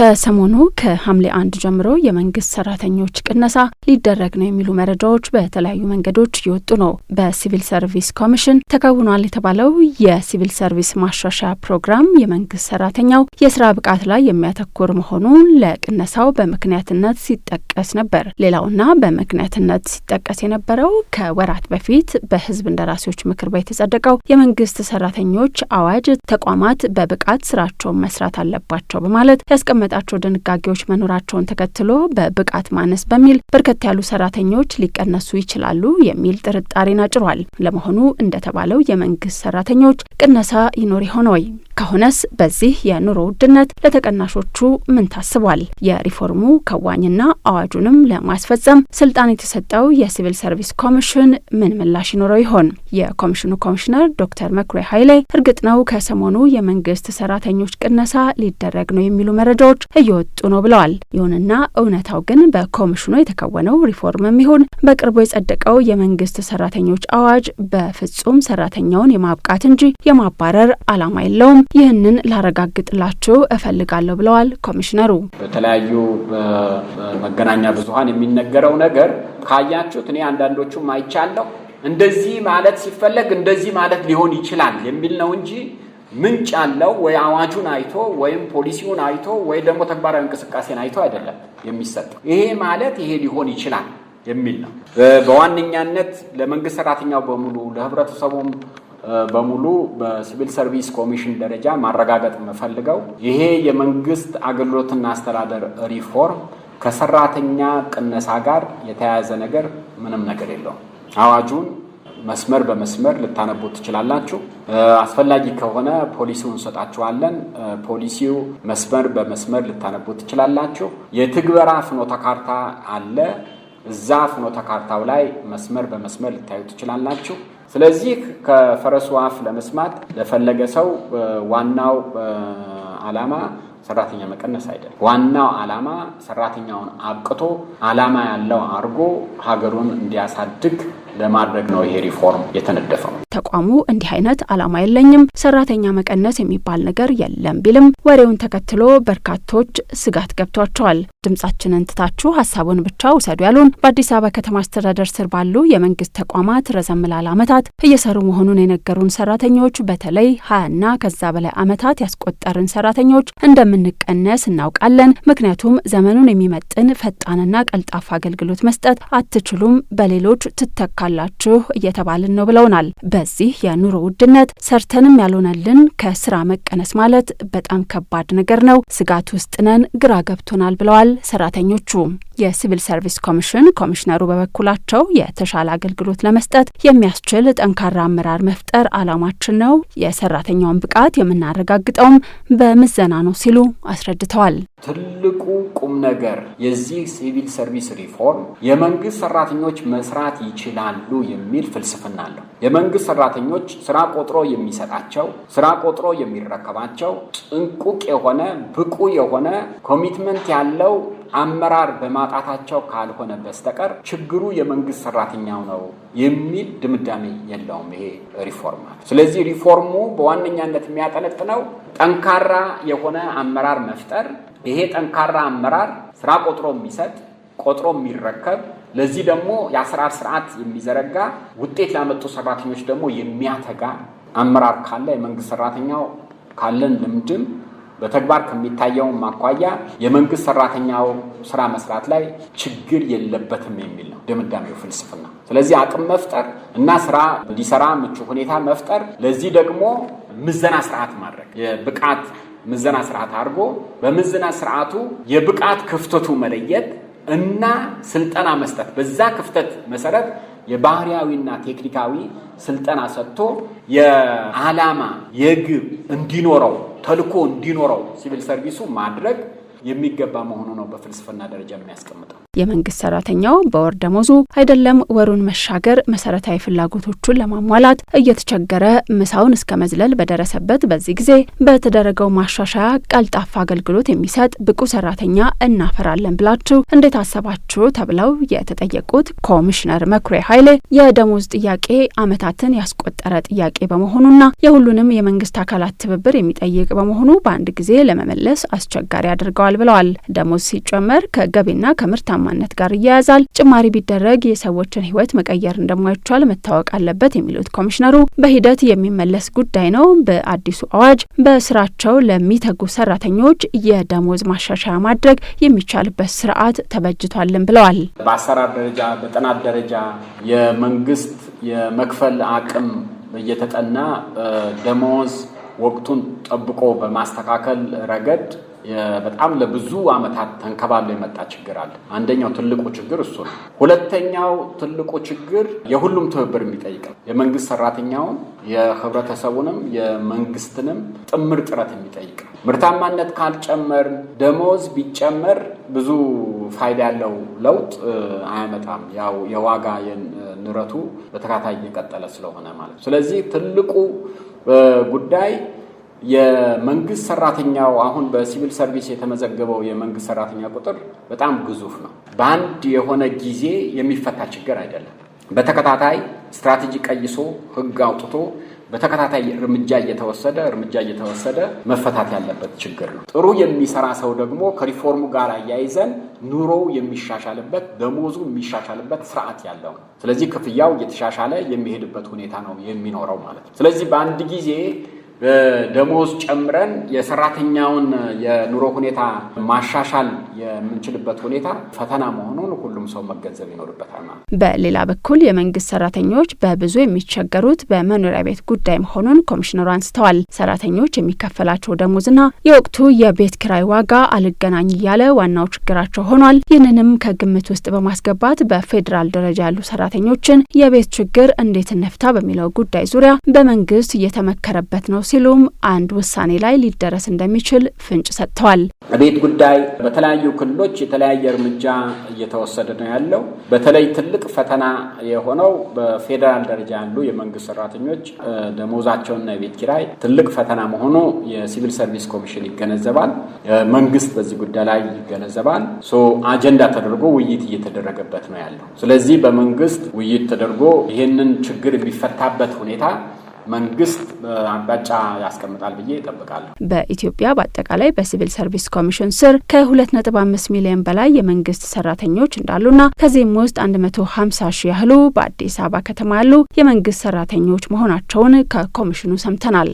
ከሰሞኑ ከሐምሌ አንድ ጀምሮ የመንግስት ሰራተኞች ቅነሳ ሊደረግ ነው የሚሉ መረጃዎች በተለያዩ መንገዶች እየወጡ ነው። በሲቪል ሰርቪስ ኮሚሽን ተከውኗል የተባለው የሲቪል ሰርቪስ ማሻሻያ ፕሮግራም የመንግስት ሰራተኛው የስራ ብቃት ላይ የሚያተኩር መሆኑን ለቅነሳው በምክንያትነት ሲጠቀስ ነበር። ሌላውና በምክንያትነት ሲጠቀስ የነበረው ከወራት በፊት በህዝብ እንደራሴዎች ምክር ቤት የጸደቀው የመንግስት ሰራተኞች አዋጅ ተቋማት በብቃት ስራቸውን መስራት አለባቸው በማለት ያስቀመ የሚያመጣቸው ድንጋጌዎች መኖራቸውን ተከትሎ በብቃት ማነስ በሚል በርከት ያሉ ሰራተኞች ሊቀነሱ ይችላሉ የሚል ጥርጣሬን አጭሯል። ለመሆኑ እንደተባለው የመንግስት ሰራተኞች ቅነሳ ይኖር ይሆን ወይ? ከሆነስ በዚህ የኑሮ ውድነት ለተቀናሾቹ ምን ታስቧል? የሪፎርሙ ከዋኝና አዋጁንም ለማስፈጸም ስልጣን የተሰጠው የሲቪል ሰርቪስ ኮሚሽን ምን ምላሽ ይኖረው ይሆን? የኮሚሽኑ ኮሚሽነር ዶክተር መኩሪያ ኃይሌ እርግጥ ነው ከሰሞኑ የመንግስት ሰራተኞች ቅነሳ ሊደረግ ነው የሚሉ መረጃዎች እየወጡ ነው ብለዋል። ይሁንና እውነታው ግን በኮሚሽኑ የተከወነው ሪፎርምም ይሁን በቅርቡ የጸደቀው የመንግስት ሰራተኞች አዋጅ በፍጹም ሰራተኛውን የማብቃት እንጂ የማባረር አላማ የለውም። ይህንን ላረጋግጥላችሁ እፈልጋለሁ ብለዋል ኮሚሽነሩ። በተለያዩ መገናኛ ብዙኃን የሚነገረው ነገር ካያችሁት እኔ አንዳንዶቹም አይቻለሁ። እንደዚህ ማለት ሲፈለግ እንደዚህ ማለት ሊሆን ይችላል የሚል ነው እንጂ ምንጭ ያለው ወይ አዋጁን አይቶ ወይም ፖሊሲውን አይቶ ወይ ደግሞ ተግባራዊ እንቅስቃሴን አይቶ አይደለም የሚሰጠው። ይሄ ማለት ይሄ ሊሆን ይችላል የሚል ነው። በዋነኛነት ለመንግስት ሰራተኛው በሙሉ ለህብረተሰቡም በሙሉ በሲቪል ሰርቪስ ኮሚሽን ደረጃ ማረጋገጥ የምፈልገው ይሄ የመንግስት አገልግሎትና አስተዳደር ሪፎርም ከሰራተኛ ቅነሳ ጋር የተያያዘ ነገር ምንም ነገር የለውም። አዋጁን መስመር በመስመር ልታነቡት ትችላላችሁ። አስፈላጊ ከሆነ ፖሊሲው እንሰጣችኋለን። ፖሊሲው መስመር በመስመር ልታነቡት ትችላላችሁ። የትግበራ ፍኖተ ካርታ አለ። እዛ ፍኖተ ካርታው ላይ መስመር በመስመር ልታዩ ትችላላችሁ። ስለዚህ ከፈረሱ አፍ ለመስማት ለፈለገ ሰው ዋናው ዓላማ ሰራተኛ መቀነስ አይደለም። ዋናው ዓላማ ሰራተኛውን አብቅቶ ዓላማ ያለው አድርጎ ሀገሩን እንዲያሳድግ ለማድረግ ነው ይሄ ሪፎርም የተነደፈው። ተቋሙ እንዲህ አይነት ዓላማ የለኝም፣ ሰራተኛ መቀነስ የሚባል ነገር የለም ቢልም ወሬውን ተከትሎ በርካቶች ስጋት ገብቷቸዋል። ድምጻችንን ትታችሁ ሀሳቡን ብቻ ውሰዱ ያሉን በአዲስ አበባ ከተማ አስተዳደር ስር ባሉ የመንግስት ተቋማት ረዘም ላለ ዓመታት እየሰሩ መሆኑን የነገሩን ሰራተኞች በተለይ ሀያና ከዛ በላይ አመታት ያስቆጠርን ሰራተኞች እንደምንቀነስ እናውቃለን። ምክንያቱም ዘመኑን የሚመጥን ፈጣንና ቀልጣፋ አገልግሎት መስጠት አትችሉም፣ በሌሎች ትተካላችሁ እየተባልን ነው ብለውናል። በዚህ የኑሮ ውድነት ሰርተንም ያልሆነልን ከስራ መቀነስ ማለት በጣም ከባድ ነገር ነው። ስጋት ውስጥ ነን፣ ግራ ገብቶናል ብለዋል ብለዋል ሰራተኞቹ። የሲቪል ሰርቪስ ኮሚሽን ኮሚሽነሩ በበኩላቸው የተሻለ አገልግሎት ለመስጠት የሚያስችል ጠንካራ አመራር መፍጠር አላማችን ነው፣ የሰራተኛውን ብቃት የምናረጋግጠውም በምዘና ነው ሲሉ አስረድተዋል። ትልቁ ቁም ነገር የዚህ ሲቪል ሰርቪስ ሪፎርም የመንግስት ሰራተኞች መስራት ይችላሉ የሚል ፍልስፍና አለው። የመንግስት ሰራተኞች ስራ ቆጥሮ የሚሰጣቸው ስራ ቆጥሮ የሚረከባቸው ጥንቁቅ የሆነ ብቁ የሆነ ኮሚትመንት ያለው አመራር በማጣታቸው ካልሆነ በስተቀር ችግሩ የመንግስት ሰራተኛው ነው የሚል ድምዳሜ የለውም ይሄ ሪፎርም። ስለዚህ ሪፎርሙ በዋነኛነት የሚያጠነጥነው ጠንካራ የሆነ አመራር መፍጠር፣ ይሄ ጠንካራ አመራር ስራ ቆጥሮ የሚሰጥ ቆጥሮ የሚረከብ ለዚህ ደግሞ የአሰራር ስርዓት የሚዘረጋ ውጤት ላመጡ ሰራተኞች ደግሞ የሚያተጋ አመራር ካለ የመንግስት ሰራተኛው ካለን ልምድም በተግባር ከሚታየው አኳያ የመንግስት ሰራተኛው ስራ መስራት ላይ ችግር የለበትም የሚል ነው ድምዳሜው ፍልስፍና። ስለዚህ አቅም መፍጠር እና ስራ እንዲሰራ ምቹ ሁኔታ መፍጠር፣ ለዚህ ደግሞ ምዘና ስርዓት ማድረግ የብቃት ምዘና ስርዓት አድርጎ በምዘና ስርዓቱ የብቃት ክፍተቱ መለየት እና ስልጠና መስጠት በዛ ክፍተት መሰረት የባህሪያዊና ቴክኒካዊ ስልጠና ሰጥቶ የዓላማ የግብ እንዲኖረው ተልኮ እንዲኖረው ሲቪል ሰርቪሱ ማድረግ የሚገባ መሆኑ ነው በፍልስፍና ደረጃ የሚያስቀምጠው። የመንግስት ሰራተኛው በወር ደሞዙ አይደለም ወሩን መሻገር መሰረታዊ ፍላጎቶቹን ለማሟላት እየተቸገረ ምሳውን እስከ መዝለል በደረሰበት በዚህ ጊዜ በተደረገው ማሻሻያ ቀልጣፋ አገልግሎት የሚሰጥ ብቁ ሰራተኛ እናፈራለን ብላችሁ እንዴት አሰባችሁ ተብለው የተጠየቁት ኮሚሽነር መኩሪያ ኃይሌ የደሞዝ ጥያቄ አመታትን ያስቆጠረ ጥያቄ በመሆኑና የሁሉንም የመንግስት አካላት ትብብር የሚጠይቅ በመሆኑ በአንድ ጊዜ ለመመለስ አስቸጋሪ አድርገዋል ጨምረዋል ብለዋል። ደሞዝ ሲጨመር ከገቢና ከምርታማነት ጋር እያያዛል። ጭማሪ ቢደረግ የሰዎችን ህይወት መቀየር እንደማይቻል መታወቅ አለበት የሚሉት ኮሚሽነሩ በሂደት የሚመለስ ጉዳይ ነው። በአዲሱ አዋጅ በስራቸው ለሚተጉ ሰራተኞች የደሞዝ ማሻሻያ ማድረግ የሚቻልበት ስርዓት ተበጅቷልን ብለዋል። በአሰራር ደረጃ በጥናት ደረጃ የመንግስት የመክፈል አቅም እየተጠና ደሞዝ ወቅቱን ጠብቆ በማስተካከል ረገድ በጣም ለብዙ ዓመታት ተንከባሎ የመጣ ችግር አለ። አንደኛው ትልቁ ችግር እሱ ነው። ሁለተኛው ትልቁ ችግር የሁሉም ትብብር ነው። የመንግስት ሰራተኛውን የህብረተሰቡንም የመንግስትንም ጥምር ጥረት የሚጠይቅ ምርታማነት ካልጨመር ደሞዝ ቢጨመር ብዙ ፋይዳ ያለው ለውጥ አያመጣም። ያው የዋጋ ንረቱ በተካታይ እየቀጠለ ስለሆነ ማለት ስለዚህ ትልቁ ጉዳይ የመንግስት ሰራተኛው አሁን በሲቪል ሰርቪስ የተመዘገበው የመንግስት ሰራተኛ ቁጥር በጣም ግዙፍ ነው። በአንድ የሆነ ጊዜ የሚፈታ ችግር አይደለም። በተከታታይ ስትራቴጂ ቀይሶ ህግ አውጥቶ በተከታታይ እርምጃ እየተወሰደ እርምጃ እየተወሰደ መፈታት ያለበት ችግር ነው። ጥሩ የሚሰራ ሰው ደግሞ ከሪፎርሙ ጋር አያይዘን ኑሮው የሚሻሻልበት ደሞዙ የሚሻሻልበት ስርዓት ያለው ነው። ስለዚህ ክፍያው እየተሻሻለ የሚሄድበት ሁኔታ ነው የሚኖረው ማለት ነው። ስለዚህ በአንድ ጊዜ ደሞዝ ጨምረን የሰራተኛውን የኑሮ ሁኔታ ማሻሻል የምንችልበት ሁኔታ ፈተና መሆኑን ሁሉም ሰው መገንዘብ ይኖርበታል። በሌላ በኩል የመንግስት ሰራተኞች በብዙ የሚቸገሩት በመኖሪያ ቤት ጉዳይ መሆኑን ኮሚሽነሩ አንስተዋል። ሰራተኞች የሚከፈላቸው ደሞዝና የወቅቱ የቤት ክራይ ዋጋ አልገናኝ እያለ ዋናው ችግራቸው ሆኗል። ይህንንም ከግምት ውስጥ በማስገባት በፌዴራል ደረጃ ያሉ ሰራተኞችን የቤት ችግር እንዴት እንፍታ በሚለው ጉዳይ ዙሪያ በመንግስት እየተመከረበት ነው ሲሉም አንድ ውሳኔ ላይ ሊደረስ እንደሚችል ፍንጭ ሰጥተዋል። ቤት ጉዳይ በተለያዩ ክልሎች የተለያየ እርምጃ እየተወሰደ ነው ያለው። በተለይ ትልቅ ፈተና የሆነው በፌዴራል ደረጃ ያሉ የመንግስት ሰራተኞች ደሞዛቸውና የቤት ኪራይ ትልቅ ፈተና መሆኑ የሲቪል ሰርቪስ ኮሚሽን ይገነዘባል። መንግስት በዚህ ጉዳይ ላይ ይገነዘባል። አጀንዳ ተደርጎ ውይይት እየተደረገበት ነው ያለው። ስለዚህ በመንግስት ውይይት ተደርጎ ይህንን ችግር የሚፈታበት ሁኔታ መንግስት አቅጣጫ ያስቀምጣል ብዬ ይጠብቃለሁ። በኢትዮጵያ በአጠቃላይ በሲቪል ሰርቪስ ኮሚሽን ስር ከ2.5 ሚሊዮን በላይ የመንግስት ሰራተኞች እንዳሉና ከዚህም ውስጥ 150 ሺህ ያህሉ በአዲስ አበባ ከተማ ያሉ የመንግስት ሰራተኞች መሆናቸውን ከኮሚሽኑ ሰምተናል።